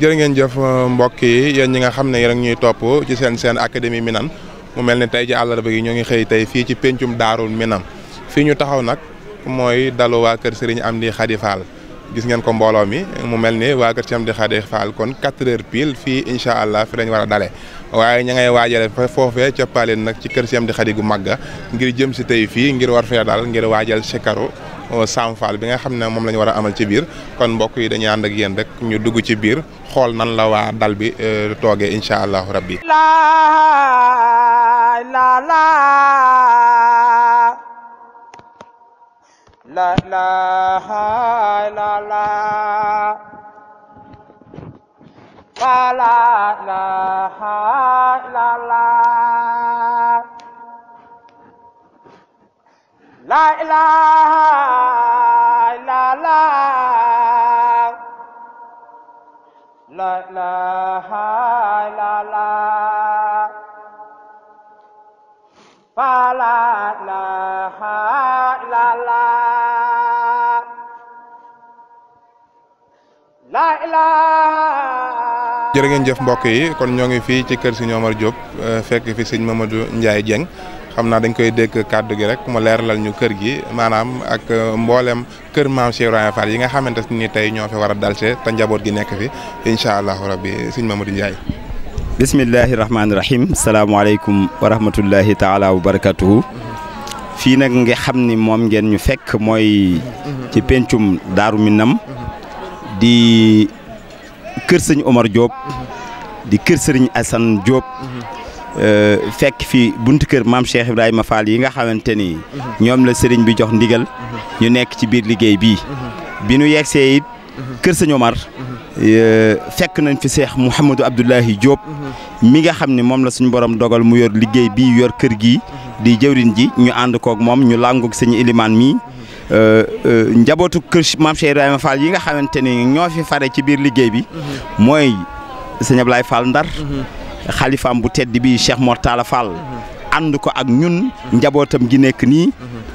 jër ngeen jëf euh, mbokk yi ñi nga xam ne yéen ñuy topp ci seen seen académie minan mu mel ne tey ci àllarba yi ñoo ngi xëy tey fii ci pencum daarul Minane fii ñu taxaw nag mooy dalu waa kër am di Khady Fall gis ngeen ko mbooloo mi mu mel ni waa kër Serigne Amdi Khady Fall kon 4 heures fii incha allah fi lañ war a dale waaye ña ngay waajale fa foofee nag ci kër Serigne Amdi Khady gu màgga ngir jëm si tey fii ngir war fee dal ngir waajal sikaru Sam Fall bi nga xam ne moom la ñu war a amal ci biir kon mbokk yi dañuy ànd ak yéen rek ñu dugg ci biir xool nan la waa dal bi toogee incha allahu rabbi la la فلا jëf mbokk yi kon ñoo ngi fii ci kër Serigne Omar Diop eh, fekk fi Serigne Mamadou Ndiaye jéng xam naa dañ koy dégg kàddu gi rek mu leeralal ñu kër gi maanaam ak eh, mboolem kër maam Cheikh Ibrahima yi nga xamante ni tey ñoo fi war a dalse te njaboot gi nekk fi incha allahu rabbi Serigne Mamadou Ndiaye. bismillahi rahmaani rahim salaamaaleykum wa rahmatullahi taala wa barakatuhu fii nag nga xam ni moom ngeen ñu fekk mooy ci pencum daaru minam di kër sëñ Omar Diop di kër sëriñ Assane Diop euh, fekk fi buntu kër maam Cheikh Ibrahima Fall yi nga xamante ni ñoom la sëriñ bi jox ndigal ñu nekk ci biir liggéey bii bi nu yegsee it kër sëñ Omar Euh, fekk nañ fi seex Mouhamadou Abdoulahi Diop mhm. mi nga xam ne moom la suñu borom dogal mu yor liggéey bi yor kër gi mhm. di jëwriñ ji ñu ànd koog moom ñu làngoog sëñ Ilimaan mi mhm. euh, euh, njabootu kër maam Cheikh Ibrahima Fall yi nga xamante ni ñoo fi fare ci biir liggéey bi mooy sëñ Ablaye Fall Ndar xalifaam bu tedd bi Cheikh Mortala Fall ànd ko ak ñun njabootam gi nekk nii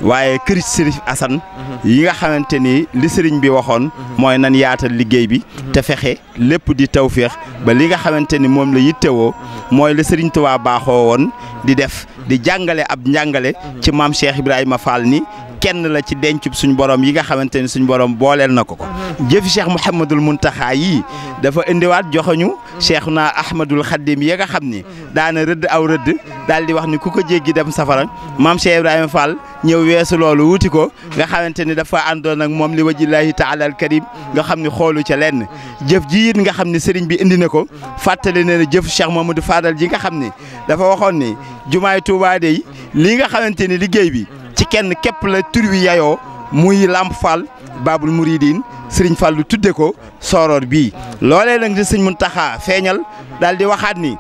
waaye kër Sëriñ Asan yi nga xamante ni li sëriñ bi waxoon mooy nan yaatal liggéey bi te fexe lépp di tawféex ba li nga xamante ni moom la yittewoo mooy la sëriñ Tuubaa baaxoo woon di def di jàngale ab njàngale ci maam Cheikh Ibrahima Fall ni kenn la ci bi suñu borom yi nga xamante ni suñu borom booleel na ko ko jëfi cheikh mouhamadul muntaxaa yi dafa indiwaat joxoñu cheikh naa ahmadul xaddim yi nga xam ni daana rëdd aw rëdd daal di wax ni ku ko jéggi dem safara maam cheikh ibrahima fall ñëw weesu loolu wuti ko nga xamante ni dafa àndoon ak moom li wajillaahi taala al karim nga xam ni xoolu ca lenn jëf ji it nga xam ni sëriñ bi indi na ko fàttali ne ne jëf cheikh mamadou fadal ji nga xam ni dafa waxoon ni jumaay tuubaa de lii nga xamante ni liggéey bi ci kenn képp la tur yayoo muy Lamp Fall Babul Mouridine Serigne Fall lu tudde ko sooroor bi loolee nag di Serigne Mountakha feeñal daal di waxaat ni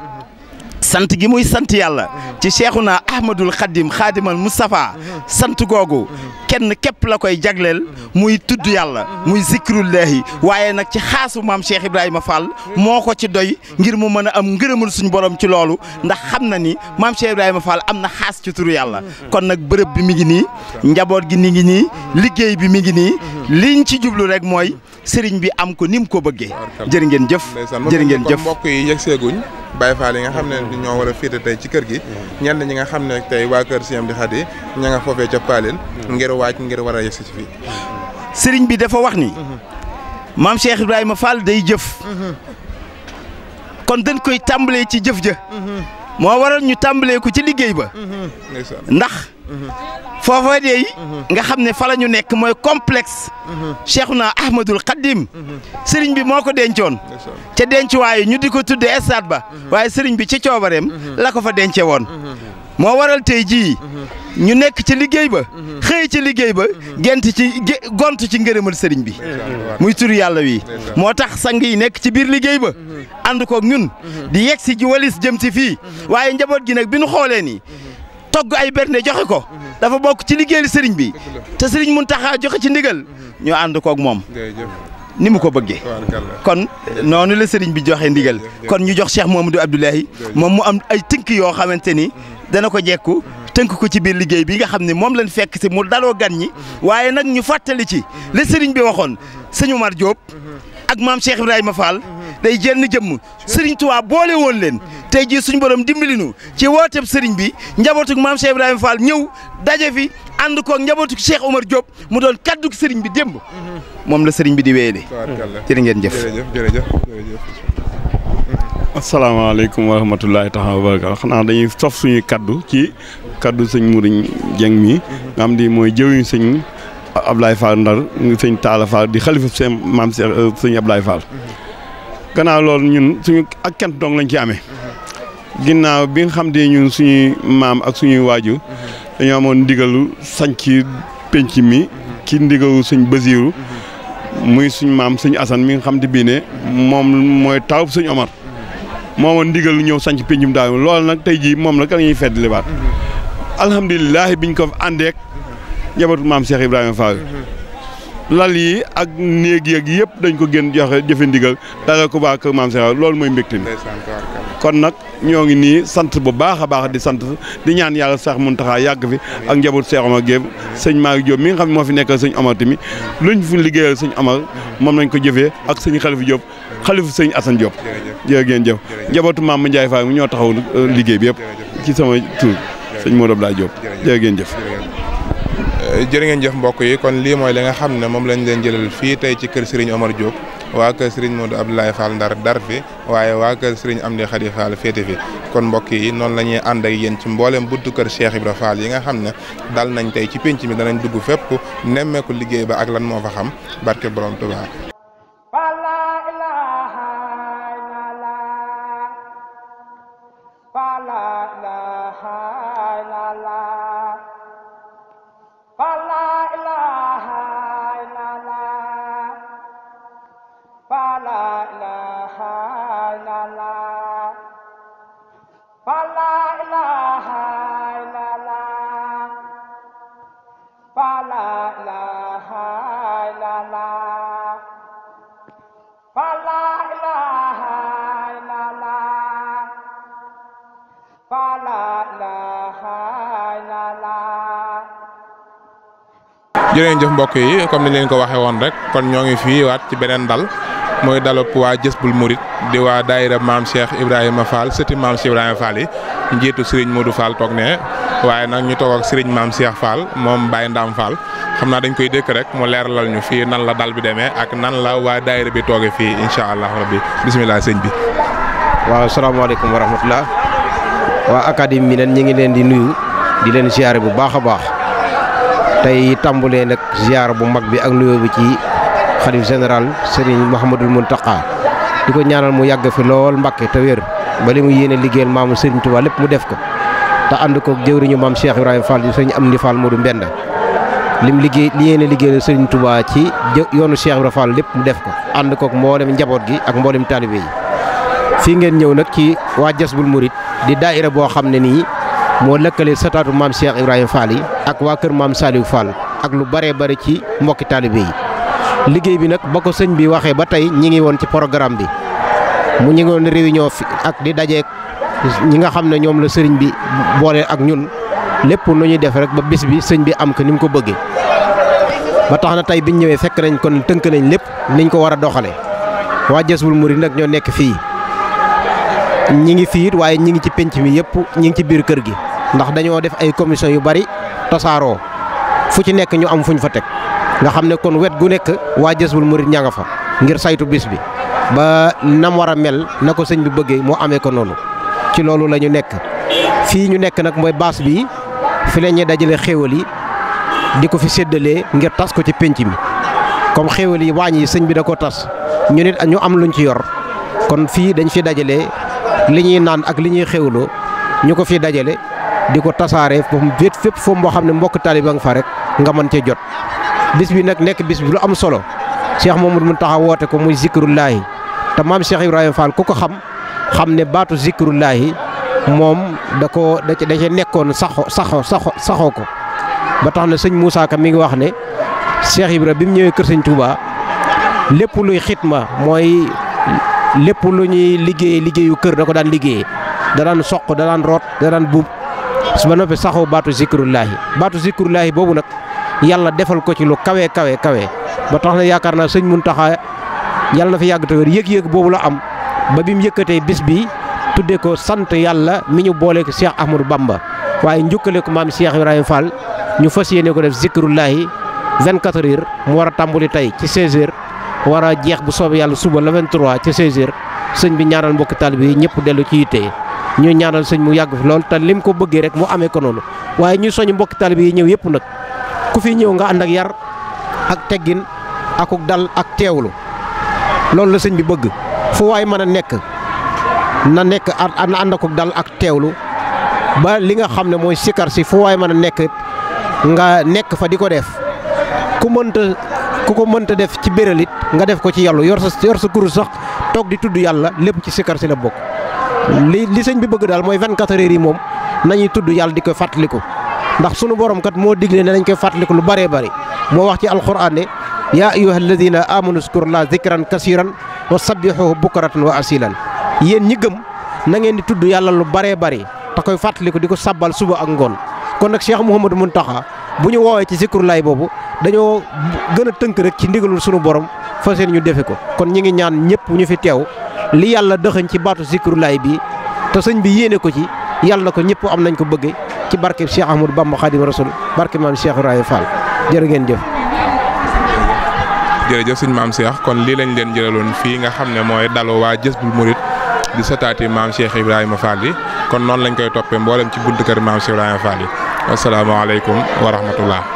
sant gi muy sant yàlla mhm. ci Cheikhuna Ahmadul Xadim Xaadimal Moustapha mhm. sant googu mhm. kenn képp la koy jagleel muy tudd yàlla muy zikrullahi waaye nag ci xaasu maam Cheikh Ibrahima Fall moo ko ci doy ngir mu mën a am ngërëmul suñu borom ci loolu ndax xam na ni maam Cheikh Ibrahima Fall am na xaas ci turu yàlla kon nag bërëb bi mi ngi nii njaboot gi mi ngi nii liggéey bi mi ngi nii liñ ci jublu rek mooy sëriñ bi am ko ni mu ko bëggee. jërë ngeen jëf jërë ngeen jëf mbokk yi yegg seeguñ Baye Fall yi nga xam ne di mm-hmm. ñoo war a féete ci kër gi mm-hmm. ñenn ñi nga xam ne tey waa kër Sëriñ Amdi Xadi ña nga foofee ca Paaleen mm-hmm. ngir waaj ngir war a yegg sëriñ bi dafa wax ni maam Cheikh day jëf dañ koy tàmbalee ci jëf ja moo waral ñu tàmbalee ko ci liggéey ba ndax foofa dey nga xam ne fa la ñu nekk mooy complexe Cheikhuna Ahmadul Khadim sëriñ bi moo ko dencoon ca waaye ñu di ko tudde stade ba waaye sëriñ bi ci coobareem la ko fa dence woon moo waral tey jii ñu nekk ci liggéey ba xëy ci liggéey ba gent ci gont ci ngërëmal sëriñ bi muy tur yàlla wi moo tax sang yi nekk ci biir liggéey ba ànd kook ñun di yegg si ji walis jëm si fii waaye njaboot gi nag bi nu xoolee nii togg ay berne joxe ko mhm. dafa bokk ci liggéeyal sëriñ bi te sëriñ Muntaxa joxe ci ndigal mhm. ñu ànd koog moom ni mu ko bëggee kon noonu la sëriñ bi joxe ndigal kon ñu jox Cheikh Mamadou Abdoulahi moom mu am ay tënk yoo xamante ni mhm. dana ko jekku tënk ko ci biir liggéey bi nga xam ne moom lañ fekk si mu daloo gan ñi waaye nag ñu fàttali ci le sëriñ bi waxoon sëñ Omar Diop ak maam Cheikh Ibrahima Fall day jenn jëmm sëriñ Tuubaa boole woon leen tey jii suñu borom dimbalinu ci wooteb sëriñ bi njabootuk maam Cheikh Ibrahima Fall ñëw daje fi ànd koog njabootuk Cheikh Omar Diop mu doon kadduk sëriñ bi démb moom la sëriñ bi di weele jërë ngeen jëf jërëjëf asalaamaaleykum wa rahmatulahi taala wa barakaatu xanaa dañuy sof suñuy kaddu ci kaddu sëñ Mouriñ Jeng mi nga xam di mooy jëwiñ sëñ Ablaye Fall Ndar sëñ Talla Fall di xalifa seen maam sëñ Ablaye Fall gannaaw loolu ñun suñu ak cant dong lañ ci amee. ginnaaw bi nga xam te ñun suñuy maam ak suñuy waaju dañoo amoon ndigalu sañc penc mi. ci ndigalu suñ basiiru muy suñ maam suñ asan mi nga xam te bii ne moom mooy taw suñ Omar. moomoon ndigal ñëw sanc pencum daaw lool nag tey jii moom la kan ñuy fedd libaat alhamdulilah biñ ko àndeek njabootu maam Cheikh Ibrahima Fall lal yi ak néeg yeeg yëpp dañ ko gën joxe jëfe ndigal dara ko baa kër maam Seex loolu mooy mbégte mi kon nag ñoo ngi nii sant bu baax a baax di sant di ñaan yàlla sax mun Muntaxa yàgg fi ak njaboot Seex ma Géem sëñ maa Jóob mi nga xam moo fi nekk sëñ Omar tamit luñ fi liggéeyal sëñ Omar moom lañ ko jëfee ak sëñ Xalifa Jóob xalifa sëñ Asan Jóob jërë ngeen jëf njabootu maam Njaay Faay mi ñoo taxaw liggéey bi yëpp ci sama tur sëñ Moodu laa Jóob jërë jëf jërë ngeen jëf mbokk yi kon lii mooy li nga xam ne moom lañ leen jëlal fii tey ci kër Serigne Omar Diop waa kër Serigne Modou laay Fall Ndar dar fi waaye waa kër am Amdi Khady Fall féete fi kon mbokk yi noonu la ñuy ànd ak yéen ci mboolem buntu kër Cheikh Ibra Fall yi nga xam ne dal nañ tey ci pinc mi danañ dugg fépp nemmeeku liggéey ba ak lan moo fa xam barke borom Tuubaa jërëjëf jëf mbokk yi comme ni leen ko waxee woon rek kon ñoo ngi fii waat ci beneen dal mooy dalop waa Jësbul Murit di waa daayira maam Cheikh Ibrahima Fall sëti maam Cheikh Ibrahima Fall yi njiitu Serigne Modou Fall toog ne waaye nag ñu toog ak Serigne maam Cheikh Fall moom Baye ndaam Fall xam naa dañ koy dëkk rek mu lal ñu fii nan la dal bi demee ak nan la waa daayira bi toogee fii incha allah bi bisimilah sëñ bi. waaw salaamaaleykum wa rahmatulah waa académie ñu ngi leen di nuyu di leen siyaare bu baax a baax. tey tàmbulee nag ziar bu mag bi ak nuyoo bi ci xalif général Serigne Mouhamadul Mountakha di ko ñaanal mu yàgg fi lool Mbàkke te ba li mu yéene liggéeyal maamu Serigne Touba lépp mu def ko te ànd ko jëwriñu maam Cheikh Ibrahima Fall di sëñ Amdi Fall Modou li mu liggéey li yéene liggéeyal Serigne Touba ci yoonu Cheikh Ibrahima Fall lépp mu def ko ànd koog mboolem njaboot gi ak mboolem taalibe yi fii ngeen ñëw nag ci waa Jazbul Mouride di daayira boo xam moo lëkkale sataatu maam Cheikh Ibrahima Fall yi ak waa kër maam Saliou Fall ak lu baree bari ci mbokki taalibe yi liggéey bi nag ba ko sëñ bi waxee ba tey ñi ngi woon ci programme bi mu ñi ngi woon réunion fi ak di dajeek ñi nga xam ne ñoom la sëriñ bi boole ak ñun lépp nu ñuy def rek ba bis bi sëñ bi am ko ni mu ko bëggee ba tax na tey biñ ñëwee fekk nañ kon tënk nañ lépp niñ ko war a doxale waa Jazboul Mouride nag ñoo nekk fii ñi ngi fii it waaye ñi ngi ci penc mi yëpp ñi ngi ci biir kër gi ndax dañoo def ay commission yu bari tasaaroo fu ci nekk ñu am fuñ fa teg nga xam ne kon wet gu nekk waa Jazbul Murid ña fa ngir saytu bis bi ba nam war a mel na ko sëñ bi bëggee moo amee ko noonu ci loolu la ñu nekk fii ñu nekk nag mooy baas bi fi la ñuy dajale xéewal yi di ko fi séddalee ngir tas ko ci pénc mi comme xéewal yi waañ yi sëñ bi da ko tas ñu nit ñu am luñ ci yor kon fii dañ fi dajale li ñuy naan ak li ñuy xéewloo ñu ko fi dajale di ko tasaaree ba mu fépp fépp foofu moo xam ne mbokk taaliba nga fa rek nga mën cee jot. bis bi nag nekk bis bi lu am solo Cheikh Mamadou Mountakha woote ko muy zikrullaahi te maam Cheikh Ibrahima Fall ku ko xam xam ne baatu zikrullaahi moom da ko da ca nekkoon saxo saxo saxo saxoo ko. ba tax na sëñ Moussa Ka mi ngi wax ne Cheikh Ibra bi mu ñëwee Kër Sëñ Touba lépp luy xitma mooy lépp lu ñuy liggéey liggéeyu kër da ko daan liggéeyee da soq da daan root buub. su ba noppi saxoo baatu zikrullaahi baatu zikrullaahi boobu nag yàlla defal ko ci lu kawee kawee kawee ba tax na yaakaar naa sëñ Muntaxa yàlla na fi yàgg te wér yëg-yëg boobu la am ba bi mu yëkkatee bis bi tuddee ko sant yàlla mi ñu boole ko Cheikh Ahmadou Bamba waaye njukkale ko maam Cheikh Ibrahima fal ñu fas yéene ko def zikrullaahi 24 heures mu war a tàmbali tey ci 16 war a jeex bu soobee yàlla suba le 23 ci 16 sëñ bi ñaanal mbokki taalibe yi ñëpp dellu ci yitte ñu ñaanal sëñ mu yàgg fi lool te li mu ko bëggee rek mu amee ko noonu waaye ñu soñu mbokki taalibe yi ñëw yëpp nag ku fi ñëw nga ànd ak yar ak teggin akuk dal ak teewlu loolu la sëñ bi bëgg fu waay mën a nekk na nekk na ànd akuk dal ak teewlu ba li nga xam ne mooy sikar fu waay mën a nekk nga nekk fa di ko def ku mënta ku ko mënta def ci it nga def ko ci yàlla yor sa yor sa kurus sax toog di tudd yàlla lépp ci sikar si la bokk li li bi bëgg daal mooy 24 heures yi moom nañuy tudd yàlla di ko fàttaliku ndax sunu borom kat moo digle ne nañ koy fàttaliku lu bëree bëri moo wax ci alquran ne yaa ayyuha alladina amanu skuru la zikran kasiran wa sabbihuhu bukratan wa asilan yéen ñi gëm na ngeen di tudd yàlla lu bëree bëri te koy fàttaliku di ko sabbal suba ak ngoon kon nag Cheikh Mouhamadou Mountakha bu ñu woowee ci zikru laay boobu dañoo gën a tënk rek ci ndigalul sunu borom fas yéene ñu defe ko kon ñi ngi ñaan ñëpp ñu fi teew li yàlla dëxëñ ci baatu zikrulaay bi te sëñ bi yéene ko ci yàlla na ko ñëpp am nañ ko bëgge ci barkeb Cheikh Ahmadou Bamba Khadim Rasoul barke maam Cheikh Ibrahima Fall jërë ngeen jëf. jërëjëf suñ maam Cheikh kon lii lañ leen jëraloon fii nga xam ne mooy daloo waa Jazbul Mouride di sotaati maam Cheikh Ibrahima Fall yi kon noonu lañ koy toppee mboolem ci buntu kër maam Cheikh Ibrahima Fall yi asalaamaaleykum wa rahmatullah